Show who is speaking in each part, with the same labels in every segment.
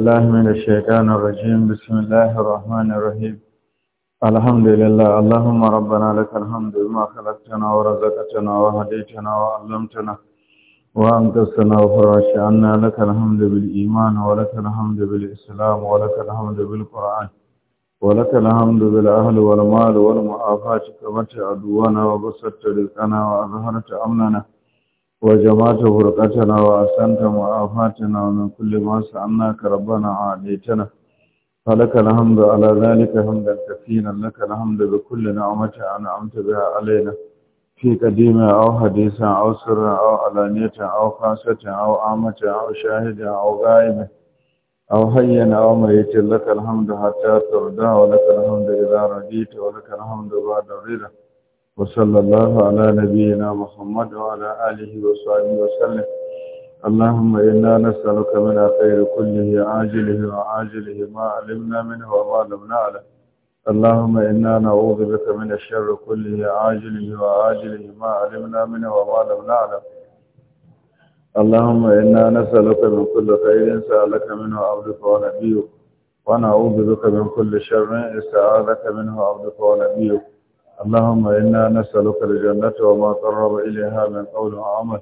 Speaker 1: بالله من الشيطان الرجيم بسم الله الرحمن الرحيم الحمد لله اللهم ربنا لك الحمد بما خلقتنا ورزقتنا وهديتنا وعلمتنا وأنقذتنا وفرجت عنا لك الحمد بالإيمان ولك الحمد بالإسلام ولك الحمد بالقرآن ولك الحمد بالأهل والمال والمعافاة كبرت عدونا وبسطت رزقنا وأظهرت أمننا وجمعت فرقتنا وأسنت معافاتنا ومن كل ما سألناك ربنا عاديتنا فلك الحمد على ذلك حمدا كثيرا لك الحمد بكل نعمة أنعمت بها علينا في قديمة أو حديثة أو سرة أو علانية أو خاصة أو عامة أو شاهدة أو غائبة أو حيا أو ميت لك الحمد حتى ترضى ولك الحمد إذا رضيت ولك الحمد بعد رضا وصلى الله على نبينا محمد وعلى آله وصحبه وسلم اللهم إنا نسألك من خير كله عاجله وعاجله ما علمنا منه وما لم نعلم اللهم إنا نعوذ بك من الشر كله عاجله وعاجله ما علمنا منه وما لم نعلم اللهم إنا نسألك من كل خير سألك منه عبدك ونبيك ونعوذ بك من كل شر استعاذك منه عبدك ونبيك اللهم إنا نسألك الجنة وما قرب إليها من قول وعمل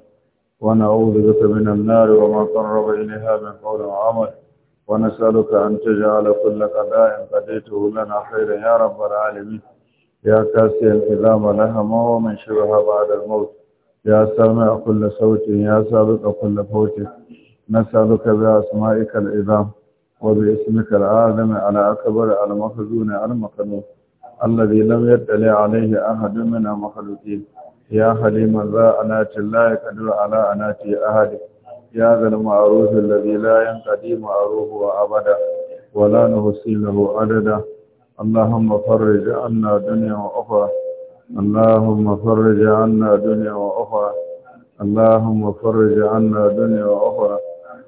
Speaker 1: ونعوذ بك من النار وما قرب إليها من قول وعمل ونسألك أن تجعل كل قضاء قضيته لنا خيرا يا رب العالمين يا كاسي ما هو ومن شبه بعد الموت يا سامع كل صوت يا سابق كل فوت نسألك بأسمائك الإذام وباسمك العالم على أكبر المخزون المقنوط الذي لم يطلع عليه أحد من المخلوقين يا حليم ذا أنات لا يقدر على أنات أحد يا ذا المعروف الذي لا ينقضي معروفه أبدا ولا نحصي له عددا اللهم فرج عنا دنيا وأخرى اللهم فرج عنا دنيا وأخرى اللهم فرج عنا دنيا وأخرى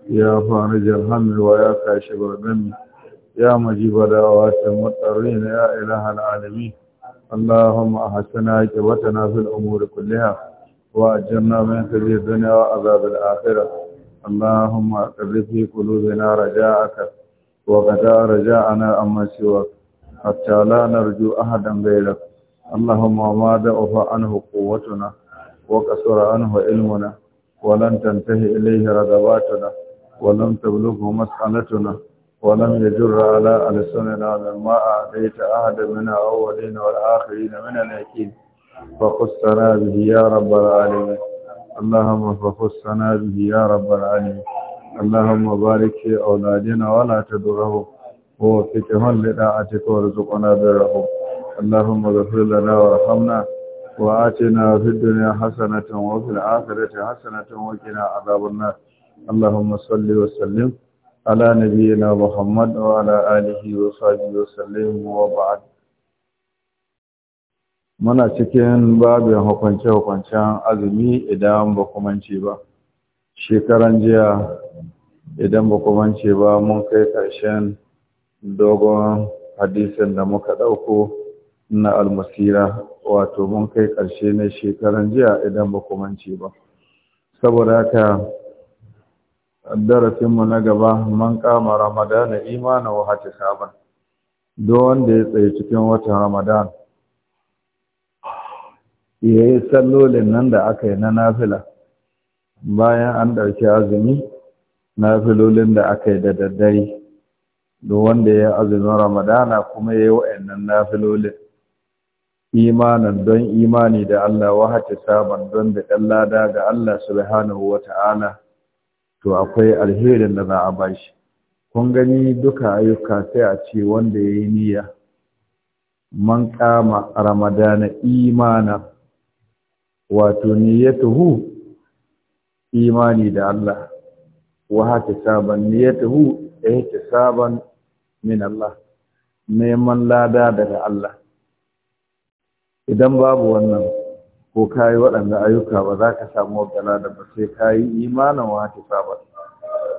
Speaker 1: يا فارج الهم ويا كاشف الغم يا مجيب دعوات المضطرين يا إله العالمين اللهم أحسنا عاقبتنا في الأمور كلها وأجرنا من خزي الدنيا وعذاب الآخرة اللهم أقر في قلوبنا رجاءك وغدا رجاءنا أما سواك حتى لا نرجو أحدا غيرك اللهم ما ضعف عنه قوتنا وقصر عنه علمنا ولن تنتهي إليه رغباتنا ولم تبلغه مسألتنا ولم يجر على ألسننا لما أعطيت أحد من الأولين والآخرين من الأكيد فخصنا به يا رب العالمين اللهم فخصنا به يا رب العالمين اللهم بارك في أولادنا ولا تدرهم ووفقهم لطاعتك وارزقنا برهم اللهم اغفر لنا وارحمنا وآتنا في الدنيا حسنة وفي الآخرة حسنة وقنا عذاب النار اللهم صل وسلم على نبينا محمد وعلى آله وصحبه وسلم وبعد muna cikin babin hukunce-hukuncen azumi idan ba kumance ba shekaran jiya idan ba kumance ba mun kai ƙarshen dogon hadisin da muka ɗauko na almasira wato mun kai ƙarshe na shekaran jiya idan ba kumance ba saboda haka darasinmu na gaba man kama ramadana imana wa hati saban don wanda ya tsaye cikin watan ramadan ya yi sallolin nan da aka yi na nafila bayan an ɗauki azumi nafilolin da aka yi da daddare don wanda ya yi azumin ramadana kuma ya yi wa'annan nafilolin imanin don imani da Allah wa hati saban don da ɗan lada ga Allah subhanahu wa ta'ala to akwai alherin da za a bashi kun gani duka ayyuka sai a ce wanda ya yi niyya man kama ramadana imana wato niyyatuhu imani da Allah wa hatisaban niyyatuhu saban min Allah neman lada daga Allah idan babu wannan ko ka yi waɗanda ayyuka ba za ka samu wakala da ba sai ka yi imanin wata saba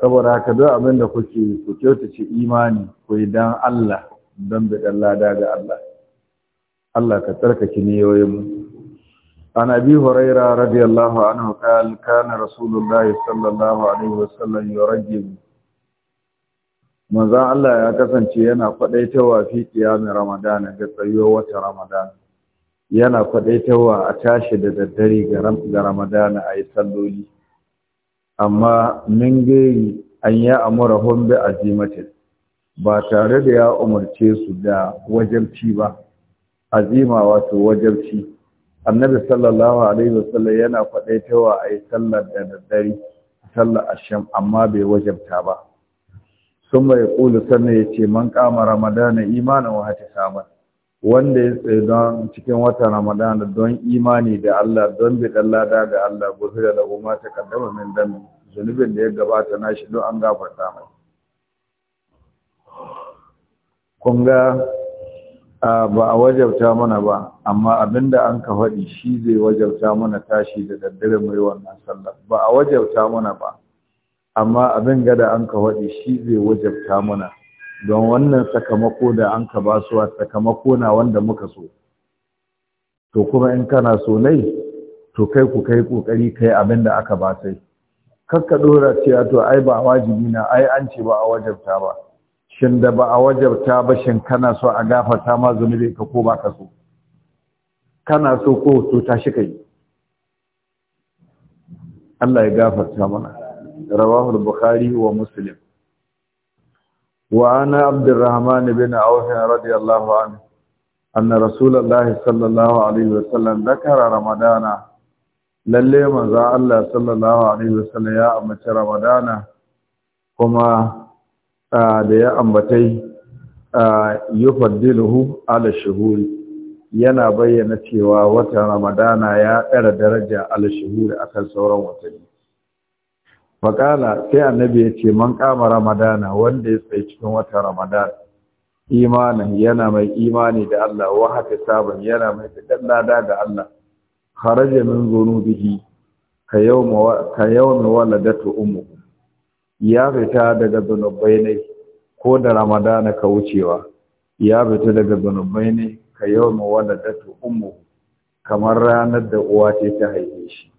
Speaker 1: saboda haka duk abin da kuke ku kyautace imani ku yi don Allah don ɗan lada ga Allah Allah ka tsarkake niyoyinmu عن أبي هريرة radiyallahu anhu عنه قال كان sallallahu الله صلى الله عليه mu. Maza Allah ya kasance yana faɗaitawa fi ƙiyamin Ramadana ga tsayuwar wata Ramadana. yana kwadaitarwa a tashi da daddare ga ramadana a yi salloli amma min gari an yi amura hombe a zimatin ba tare da ya umarce su da wajabci ba azima wato wajabci annabi sallallahu alaihi wasallam yana kwadaitarwa a yi sallar da daddare sallar asham amma bai wajabta ba sun bai kulu sannan ya ce man kama ramadana imanin wahata saman wanda ya tsaye don cikin watan Ramadan don imani da Allah don dan lada ga Allah gozira da goma ta kaddama min dan zunubin da ya gabata na shi don an gafarta mai kun ga ba a wajabta mana ba amma abinda an ka faɗi shi zai wajabta mana tashi da daddare mai wannan sallah ba a wajabta mana ba amma abin gada an ka faɗi shi zai wajabta mana don wannan sakamako da an ka ba su sakamako na wanda muka so to kuma in kana so nai to kai ku kai kokari kai abin da aka ba sai kakka dora cewa to ai ba wajibi na ai an ce ba a wajabta ba shin da ba a wajabta ba shin kana so a gafarta ma zunubi ka ko ba ka so kana so ko to tashi kai Allah ya gafarta mana rawahu al-bukhari wa muslim وعن عبد الرحمن بن عوف رضي الله عنه أن رسول الله صلى الله عليه Allah sallallahu alaihi wasallam ya ambaci Ramadana kuma da ya ambatai yufaddiluhu ala shuhuri yana bayyana cewa watan Ramadana ya ɗara daraja ala shuhuri akan sauran watanni faƙala sai annabi ya ce man kama ramadana wanda ya tsaye cikin wata ramadan imanin yana mai imani da Allah wa haka sabon yana mai fitar lada ga Allah kharaja min bihi, ka yau mai yawma waladatu umu ya fita daga zunubai ne ko da ramadana ka wucewa ya fita daga zunubai ne ka yawma waladatu umu kamar ranar da uwa ce ta haife shi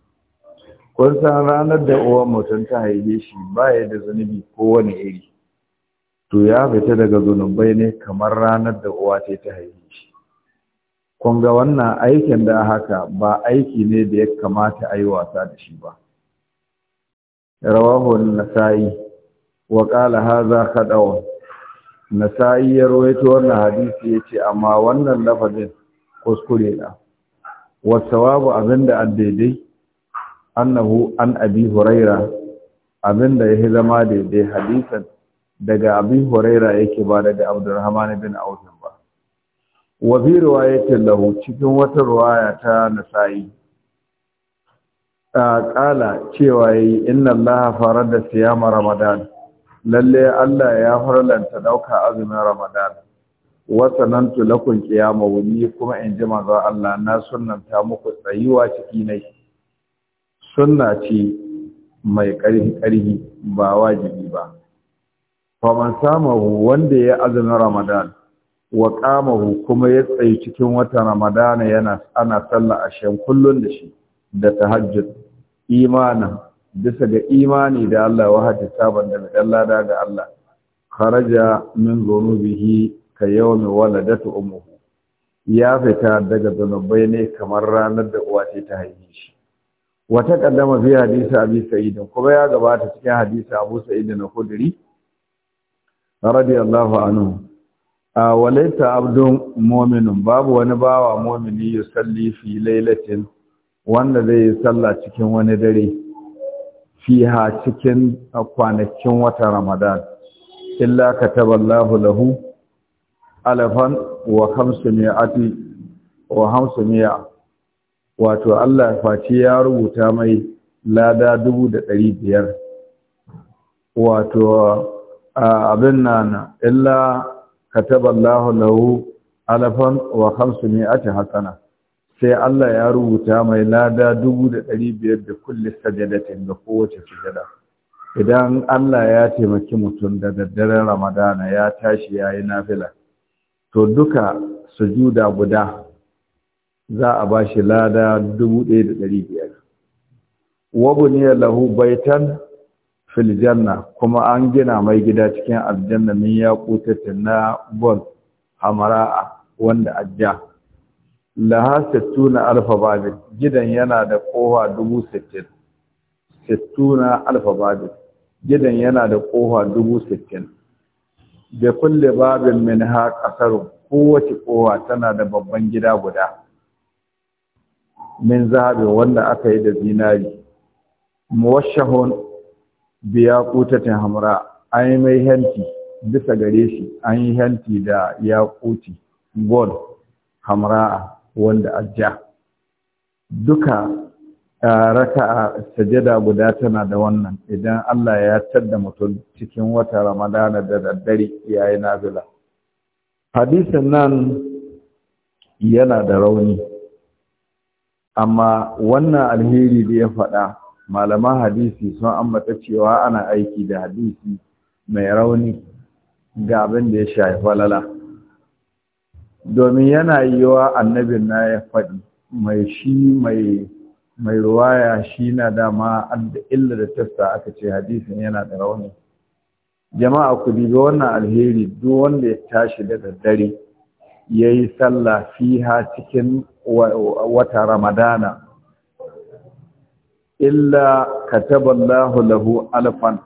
Speaker 1: kun san ranar da uwan mutum ta haife shi ba da zunubi ko Wani iri to ya fita daga zunubai ne kamar ranar da uwa ce ta haife shi kun ga wannan aikin da haka ba aiki ne da ya kamata a yi wasa da shi ba rawahu nasa'i wa qala hadha khadaw nasa'i ya rawaito wannan hadisi yace amma wannan lafazin kuskure na wasawabu abinda addaidai annahu an abi huraira abinda ya zama daidai hadisan daga abi huraira yake ba daga abdurrahman bin auf ba wa bi riwayatin lahu cikin wata riwaya ta nasa'i kala cewa yi inna allaha da siyama ramadan lalle allah ya farlanta dauka azumin ramadan wata nan tulakun kiyama wuni kuma in ji manzo allah na sunnanta muku tsayuwa ciki nai sunna ce mai ƙarfi-ƙarfi ba wajibi ba faman samahu wanda ya azumin ramadan wa ƙamahu, kuma ya tsayi cikin wata ramadan yana ana sallah ashen kullun da shi da tahajjud imanin bisa ga imani da Allah wahda saban da Allah da ga Allah kharaja min zunubihi ka yawmi waladatu ummuhu ya fita daga zunubai ne kamar ranar da uwa ta haife shi Wata kaddama fi hadisi abi sa'id kuma ya gabata cikin hadisi abu sa'id na khudri radiyallahu anhu walaita abdu mu'minun babu wani bawa mu'mini yusalli fi lailatin wanda zai yi sallah cikin wani dare fiha cikin kwanakin wata ramadan illa kataballahu lahu alafan wa hamsu mi'ati wa hamsu mi'a wato Allah faci ya rubuta mai lada dubu da ɗari biyar wato abin nana illa kataballahu lahu alafan wa hamsu a hasana sai Allah ya rubuta mai lada dubu da ɗari biyar da kulle sajadatin da kowace sajada idan Allah ya taimaki mutum da daddaren ramadana ya tashi ya yi nafila to duka sujuda guda za a ba shi lada dubu ɗaya da ɗari biyar ya lahu baitan filjanna kuma an gina mai gida cikin aljanna min yaqutatin na bol hamara'a wanda ajja laha tuna alfa gidan yana da kowa dubu sittin sittuna alfa gidan yana da kowa dubu sittin da kulle babin min ha kasaru kowace kowa tana da babban gida guda min zahabin wanda aka yi da zinari muwashahun biya kutatin hamra an yi mai henti bisa gare shi an yi hanti da yakuti gwal hamra wanda ajja duka raka'a sajada guda tana da wannan idan Allah ya da mutum cikin wata ramadana da daddare yayi nazila hadisin nan yana da rauni amma wannan alheri da ya faɗa malaman hadisi sun ambata cewa ana aiki da hadisi mai rauni ga abin da ya shafi falala domin yana yiwa annabin na ya faɗi mai shi mai ruwaya shi na dama adda illa da tasta aka ce hadisin yana da rauni jama'a ku dibi wannan alheri duk wanda ya tashi da daddare ya yi sallah fiha cikin wata ramadana illa kataballahu lahu alfan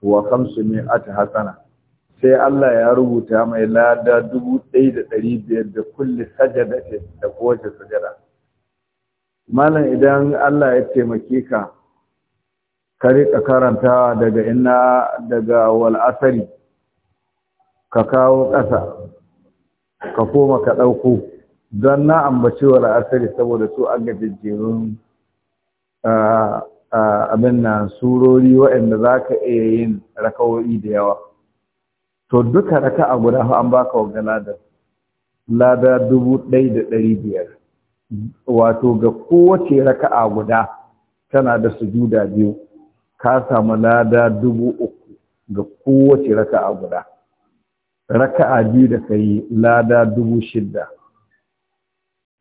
Speaker 1: wa kamsu ne hasana sai Allah ya rubuta mai lada dubu ɗaya da ɗari biyar da kulle sajada ce da kowace sajada malam idan Allah ya taimake ka ka riƙa karanta daga ina daga wal'asari ka kawo ƙasa ka koma ka ɗauko don na ambaci wa la'asari saboda su an ga jejjerun abin na surori waɗanda za ka iya yin rakawoyi da yawa to duka raka a guda an baka wa ladar lada dubu ɗai da ɗari biyar wato ga kowace raka a guda tana da sujuda biyu ka samu lada dubu uku ga kowace raka a guda raka'a biyu da kai lada dubu shidda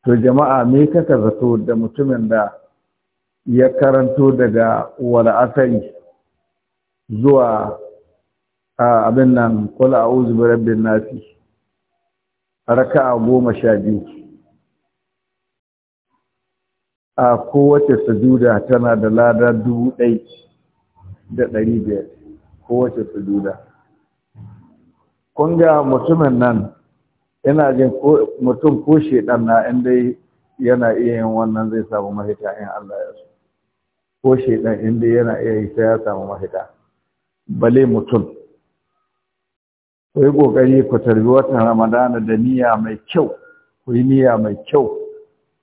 Speaker 1: to jama'a me kaka zato da mutumin da ya karanto daga wal'asari zuwa abin nan kula a uzu birabbin nafi raka'a goma sha biyu a kowace sajuda tana da lada dubu ɗai da ɗari biyar kowace sajuda. Kunga mutumin nan ina jin mutum ko shedan na in dai yana iya yin wannan zai samu mahita in Allah ya so ko shedan in dai yana iya yi sai ya samu mahita bale mutum ku yi kokari ku tarbi watan ramadana da niyya mai kyau ku yi niyya mai kyau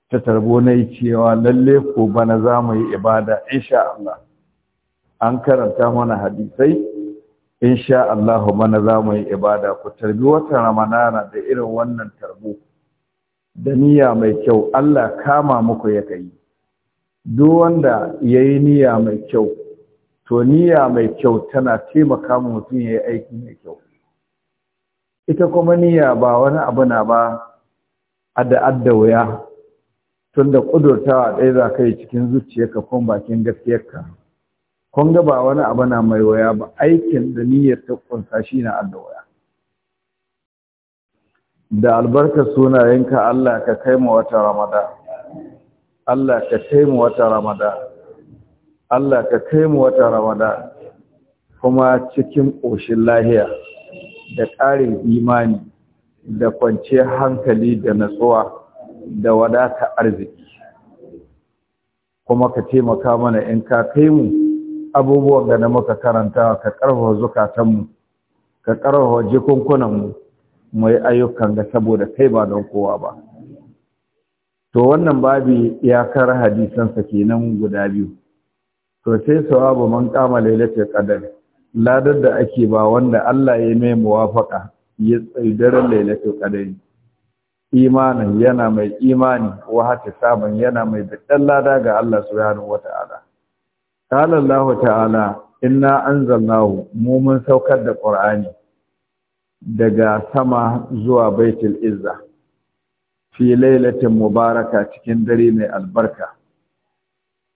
Speaker 1: ta tarbo na yi cewa lalle ko bana za mu yi ibada insha Allah an karanta mana hadisai sha Allahu mana za mu yi ibada ku tarbi watan ramadana da irin wannan tarbo da niyya mai kyau Allah kama muku ya kai duk wanda ya yi niyya mai kyau to niyya mai kyau tana taimaka mu mutum ya yi aiki mai kyau ita kuma niyya ba wani abu na ba adda adda wuya tunda ƙudurtawa ɗaya za ka yi cikin zuciyarka kuma bakin gaskiyarka kun ga ba wani abu na mai waya ba aikin da niyyar ta kunsa shi na Allah waya da albarka sunayenka Allah ka kai mu wata ramada Allah ka kai mu wata ramada Allah ka kai mu wata ramada kuma cikin ƙoshin lahiya da ƙarin imani da kwanciyar hankali da natsuwa da wadata arziki kuma ka taimaka mana in ka kai mu abubuwan da na muka karanta ka ƙarfafa zukatanmu ka ƙarfafa jikunkunanmu mu yi ayyukan ga saboda kai ba don kowa ba to wannan babi iyakar hadisansa kenan guda biyu to sai sawabu man kama lailatul qadar ladar da ake ba wanda Allah ya mai muwafaka ya tsaidar lailatul qadar imanin yana mai imani wa hatta saban yana mai dukkan lada ga Allah subhanahu wata'ala qala allah ta'ala inna anzalnahu mu mun saukar da ƙur'ani daga sama zuwa baitul izza fi lailatin mubaraka cikin dare mai albarka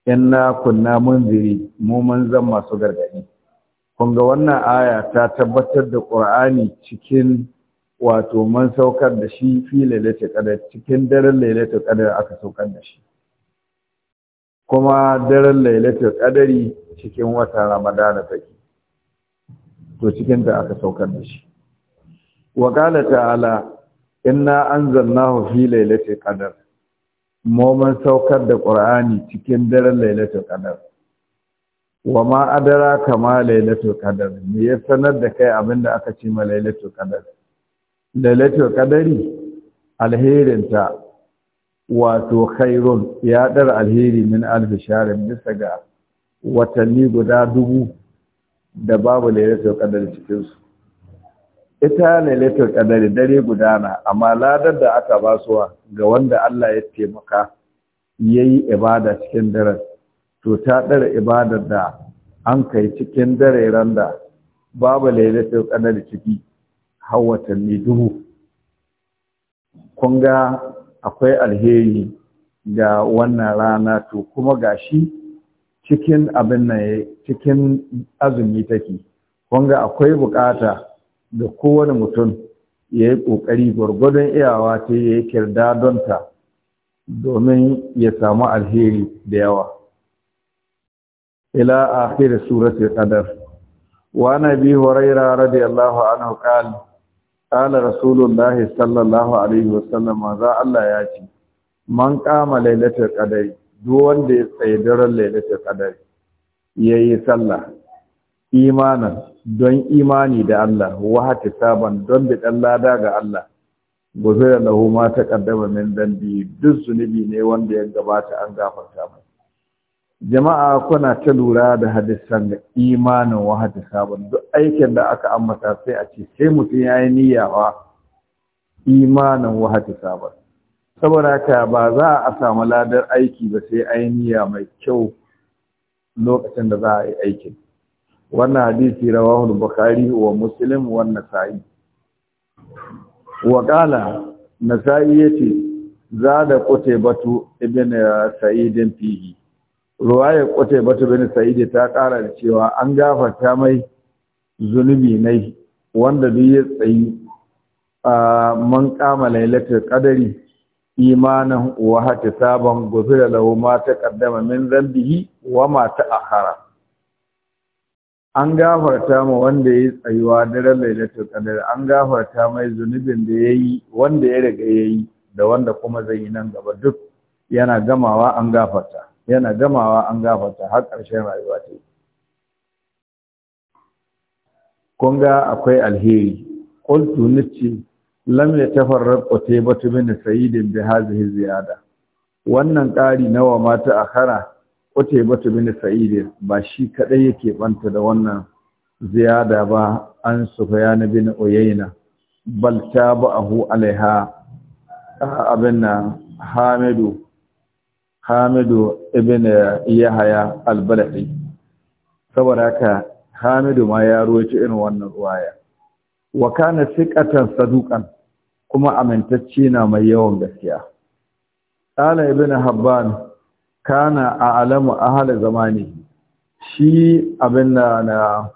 Speaker 1: In na kunna munziri mu mun zan masu gargadi kun wannan aya ta tabbatar da ƙur'ani cikin wato mun saukar da shi fi lailatul qadar cikin daren lailatul qadar aka saukar da shi kuma daren lailatul qadari cikin watan ramadana take to cikin ta aka saukar da shi wa qala ta'ala inna anzalnahu fi lailatul qadar mu mun saukar da qur'ani cikin daren lailatul qadar wa ma kama kama lailatul qadar me ya sanar da kai abinda aka ce ma lailatul qadar lailatul qadari alherinta wato khairun ya dar alheri min albisharin bisa ga watanni guda dubu da babu lailatul qadar cikin su ita lailatul qadar dare guda na amma ladar da aka basuwa ga wanda Allah ya taimaka yayi ibada cikin daren to ta dare ibadar da an kai cikin dare ran da babu lailatul qadar ciki har watanni dubu kun ga akwai alheri ga wannan rana to kuma gashi cikin abin nan cikin azumi take wanga akwai bukata da kowane mutum ya yi ƙoƙari gwargwadon iyawa ta ya yi kirda don ta domin ya samu alheri da yawa ila akhir suratul qadar wa nabi hurairah radiyallahu anhu qala qala rasulullahi sallallahu alaihi wasallam za Allah ya ce man kama lailatul qadari duk wanda ya tsaye daren lailatul qadari yayi sallah imanan don imani da Allah wa saban don bi dan lada ga Allah da lahu ma taqaddama min dambi duk zunubi ne wanda ya gabata an gafarta masa jama'a kuna ta lura da hadisan imanin wa sabon duk aikin da aka ambata sai a ce sai mutum ya yi niyyawa imanin wa sabon saboda ka ba za a samu ladar aiki ba sai a yi niyya mai kyau lokacin da za a yi aikin wannan hadisi rawa hudu bukhari wa muslim wa nasa'i ya ce za da zada batu ibn sa'idin fihi ruwayar kote batu bin sa'idi ta kara da cewa an gafarta mai zunubi nai wanda duk ya tsayi a man kama lailatul qadari imanan wa gobe gufira lahu ma taqaddama min zambihi wa ma ta'akhkhara an gafarta ma wanda ya tsayuwa daren lailatul qadar an gafarta mai zunubin da yayi wanda ya riga yayi da wanda kuma zai yi nan gaba duk yana gamawa an gafarta yana gamawa an gafarta har ƙarshen rayuwa ta kun ga akwai alheri qultu ta lam yatafarraq qutaybatu bin sa'id bi hadhihi ziyada wannan ƙari nawa mata akhara batu mini sayidin ba shi kaɗai yake ɓanta da wannan ziyada ba an na bin ba bal hu alaiha abinna hamidu hamidu ibn yahaya al-baladi saboda haka hamidu ma ya ruwaci irin wannan ruwaya wa kana siqatan saduqan kuma amintacce na mai yawan gaskiya qala ibn habban kana a'lamu ahli zamani shi abin na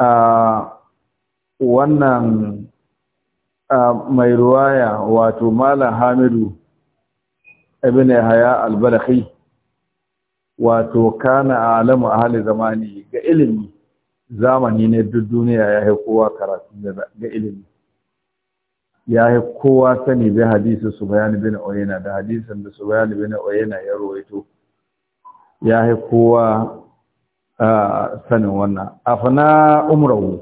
Speaker 1: a wannan mai ruwaya wato malam hamidu ibn haya al-balakhi wato kana alamu ahli zamani ga ilimi zamani ne duk duniya ya yi kowa karatu ga ilimi ya yi kowa sani bai hadisi su bin oyena da hadisin da su bin oyena ya rawaito ya yi kowa sanin wannan afana umrahu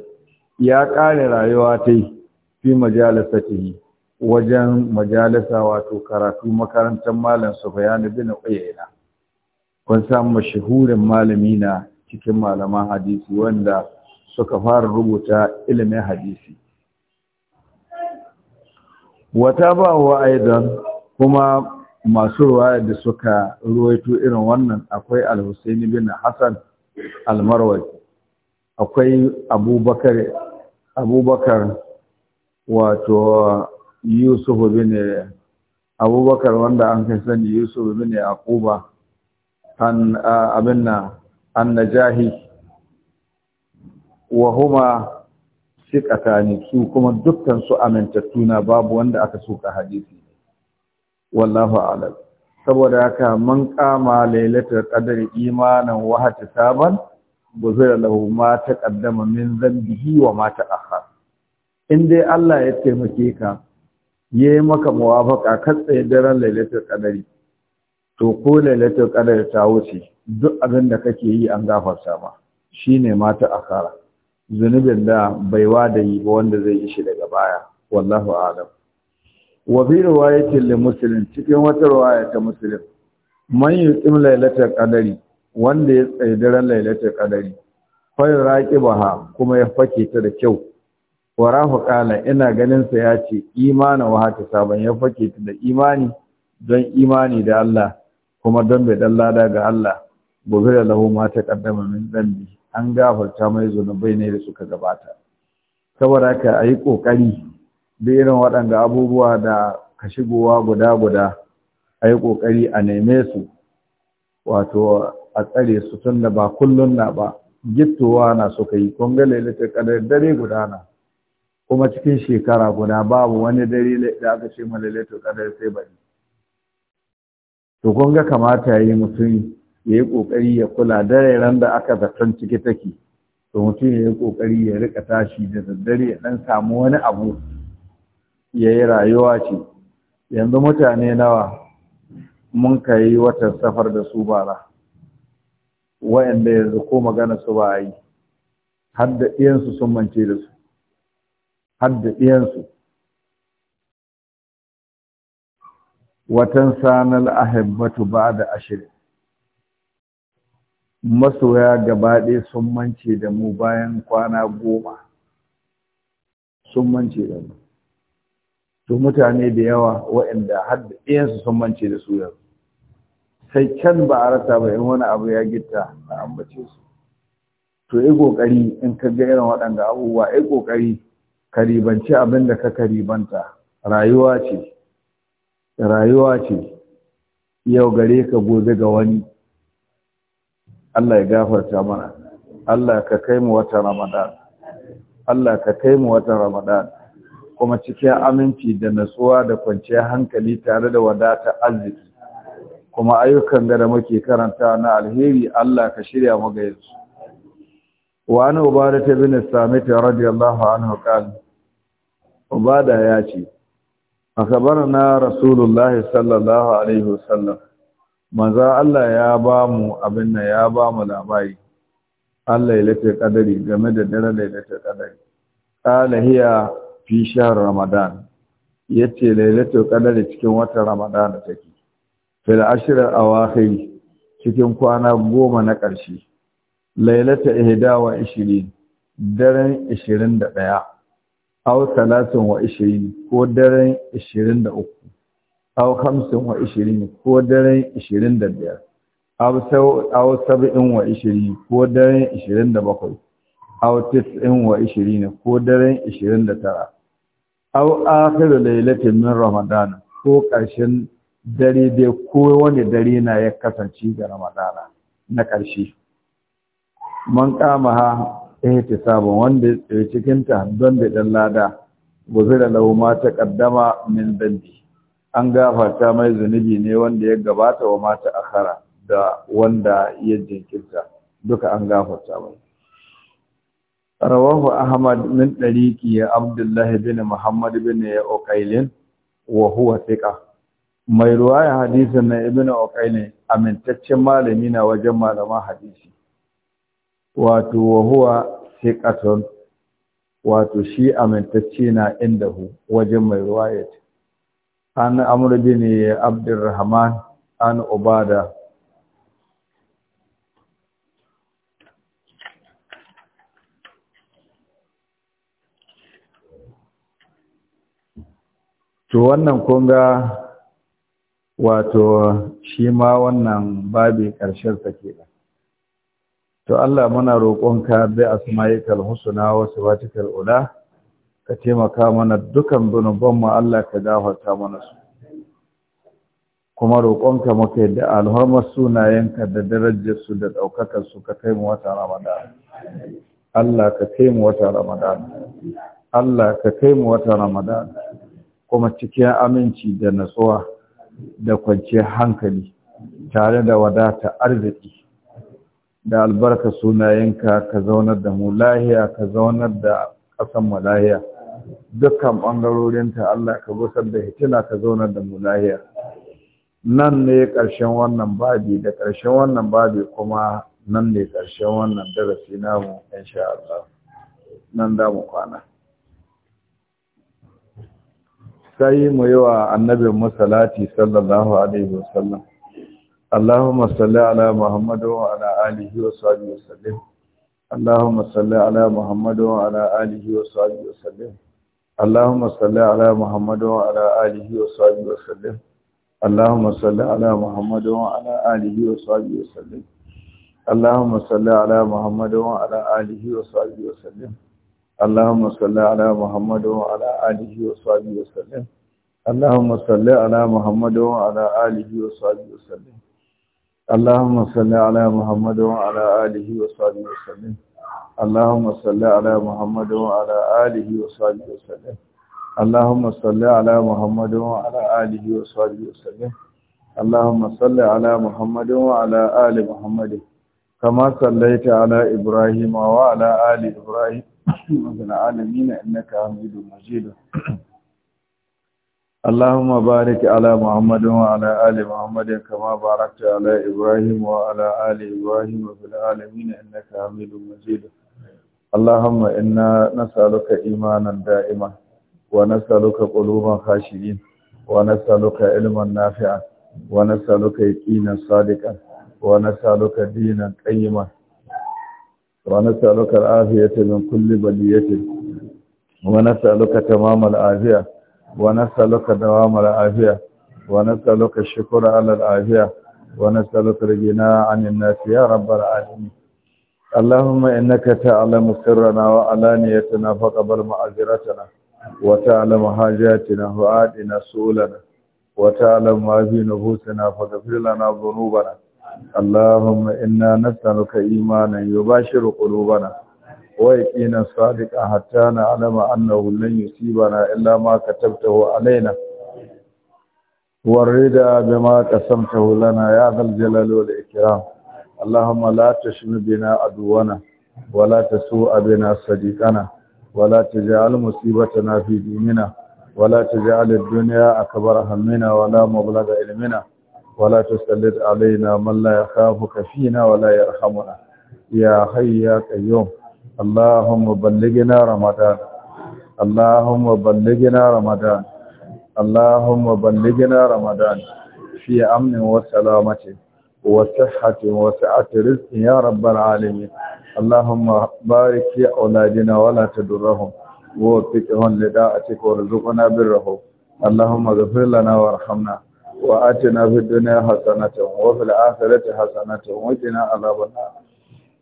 Speaker 1: ya kare rayuwa ta yi fi majalisatihi wajen majalisa wato karatu makarantar malam Sufyan bin Uyayna kun san mashahurin malami na cikin malaman hadisi wanda suka fara rubuta ilimin hadisi wata ba wa aidan kuma masu ruwaya da suka ruwaito irin wannan akwai al-Husaini bin hasan al-Marwazi akwai Abubakar Abubakar wato yusuf bin abubakar wanda an kai sani yusuf bin yaquba an abinna annajahi wa huma su kuma dukkan su amintattu na babu wanda aka suka hadisi wallahu a'lam saboda haka man kama lailatul qadr imanan wa hatisaban gozira lahu ma taqaddama min dhanbihi wa ma ta'akhkhar in dai Allah ya taimake ka ya yi maka muwafaka tsaye daren lailatul kadari to ko lailatul kadari ta wuce duk abin da kake yi an gafarta ma shine mata akara zunubin da bai da yi ba wanda zai yi daga baya wallahu a'lam wa fi riwayatin li muslim cikin wata riwaya ta muslim man yutim lailatul kadari wanda ya tsaye daren lailatul kadari fa raqibaha kuma ya fake ta da kyau warahu kala ina ganin sa ya ce imana wa haka saban ya fake ta da imani don imani da Allah kuma don bai dan lada ga Allah gobe da lahu ma ta kaddama min dambi an gafarta mai zunubai ne da suka gabata saboda haka ayi kokari da irin waɗanda abubuwa da ka shigowa guda guda ayi kokari a neme su wato a tsare su tunda ba kullun na ba gittowa na suka yi kun ga lailatul qadar dare gudana kuma cikin shekara guda babu wani dare da aka ce mu lailatul qadar sai bari to kun ga kamata yayi mutum yayi kokari ya kula dare ran da aka zaton ciki take to mutum yayi kokari ya rika tashi da daddare ya dan samu wani abu yayi rayuwa ce yanzu mutane nawa mun kai watan safar da su bara wa'anda yanzu ko magana su ba yi har da iyansu sun mance da su har watan sanar ahibbatu ba da ashirin masoya gabaɗe sun mance da mu bayan kwana goma sun mance da mu to mutane da yawa waɗanda har sun mance da su yanzu sai can ba a rasa ba in wani abu ya gitta a ambace su to yi ƙoƙari in ka ga irin waɗanda abubuwa yi ƙoƙari karibanci abin da ka karibanta rayuwa ce rayuwa ce yau gare ka gobe ga wani Allah ya gafarta mana Allah ka kai mu wata Ramadan Allah ka kai mu wata Ramadan kuma cikin aminci da natsuwa da kwanciyar hankali tare da wadata arziki kuma ayyukan da muke karanta na alheri Allah ka shirya mu ga yanzu وعن عبادة بن bin رضي radiyallahu anhu qala ubada ya ce akabarna rasulullah sallallahu alaihi wasallam maza Allah ya ba mu abin nan ya ba mu labari Allah ya lafe game da dare lailatul kadari qala fi shahr ramadan yace lailata ƙadari cikin wata ramadan take fil a awakhir cikin kwana goma na ƙarshe lailata ihda wa 20 daren 21 aw talatin wa ishirin ko daren ishirin da uku aw hamsin wa ishirin ko daren ishirin da biyar aw sab'in wa ishirin ko daren ishirin da bakwai aw tis'in wa ishirin ko daren ishirin da tara aw akhiru lailatin min ramadan ko ƙarshen dare dai ko wani dare na ya kasance ga ramadana na ƙarshe man kama ha ihtisabun wanda ya cikin ta don da dan lada guzira lahu ma kaddama min dandi, an gafarta mai zunubi ne wanda ya gabata wa mata akhara da wanda ya jinkirta duka an gafarta mai rawahu ahmad min dariqi ya abdullah bin muhammad bin uqailin wa huwa thiqa mai ruwaya hadisin na ibnu uqailin amintaccen malami na wajen malaman hadisi wato wa huwa siqatun wato shi amintacce na inda hu wajen mai riwayat an amr bin abdurrahman an ubada to wannan ga wato shi ma wannan babi ƙarshen sa to Allah muna roƙonka bi asma'ikal husna wasu sifatikal ula ka taimaka mana dukan zunuban mu Allah ka gafarta mana su kuma roƙonka muka yadda alhormar sunayenka da darajar su da ɗaukakar su ka kai mu wata Ramadan Allah ka kai mu wata Ramadan Allah ka kai mu wata Ramadan kuma cikin aminci da natsuwa da kwanciyar hankali tare da wadata arziki da albarka sunayenka ka zaunar da mu lahiya ka zaunar da mu lahiya dukkan ɓangarorinta Allah ka gusar da hitila ka zaunar da mu lahiya nan ne ƙarshen wannan babi da ƙarshen wannan babi kuma nan ne ƙarshen wannan darasi namu insha Allah nan da mu kwana sai mu yi wa annabin masalati sallallahu alaihi wasallam اللهم صل على محمد وعلى اله وصحبه وسلم اللهم صل على محمد وعلى اله وصحبه وسلم اللهم صل على محمد وعلى اله وصحبه وسلم اللهم صل على محمد وعلى اله وصحبه وسلم اللهم صل على محمد وعلى اله وصحبه وسلم اللهم صل على محمد وعلى اله وصحبه وسلم اللهم صل على محمد وعلى اله وصحبه وسلم اللهم صل على محمد وعلى آله وصحبه وسلم اللهم صل على محمد وعلى آله وصحبه وسلم اللهم صل على محمد وعلى آله وصحبه وسلم اللهم صل على محمد وعلى آل محمد كما صليت على إبراهيم وعلى آل إبراهيم وعلى العالمين إنك حميد مجيد اللهم بارك على محمد وعلى آل محمد كما باركت على إبراهيم وعلى آل إبراهيم في العالمين إنك حميد مجيد اللهم إنا نسألك إيمانا دائما ونسألك قلوبا خاشعين ونسألك علما نافعا ونسألك يقينا صادقا ونسألك دينا قيما ونسألك العافية من كل بلية ونسألك تمام العافية ونسألك دوام العافية ونسألك الشكر على العافية ونسألك الغناء عن الناس يا رب العالمين اللهم إنك تعلم سرنا وعلانيتنا فقبل معذرتنا وتعلم حاجاتنا وعادنا سؤلنا وتعلم ما في نفوسنا فاغفر لنا ذنوبنا اللهم إنا نسألك إيمانا يباشر قلوبنا ويقينا صادقا حتى نعلم أنه لن يصيبنا إلا ما كتبته علينا والرضا بما قسمته لنا يا ذا الجلال والإكرام اللهم لا تشم بنا عدونا ولا تسوء بنا صديقنا ولا تجعل مصيبتنا في ديننا ولا تجعل الدنيا أكبر همنا ولا مبلغ علمنا ولا تسلط علينا من لا يخافك فينا ولا يرحمنا يا حي يا قيوم اللهم بلغنا رمضان اللهم بلغنا رمضان اللهم بلغنا رمضان في امن وسلامه وصحه وسعه رزق يا رب العالمين اللهم بارك في اولادنا ولا تضرهم ووفقهم لداعتك وارزقنا برهم اللهم اغفر لنا وارحمنا واتنا في الدنيا حسنه وفي الاخره حسنه وقنا عذاب النار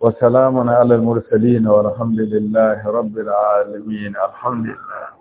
Speaker 1: وسلام على المرسلين والحمد لله رب العالمين الحمد لله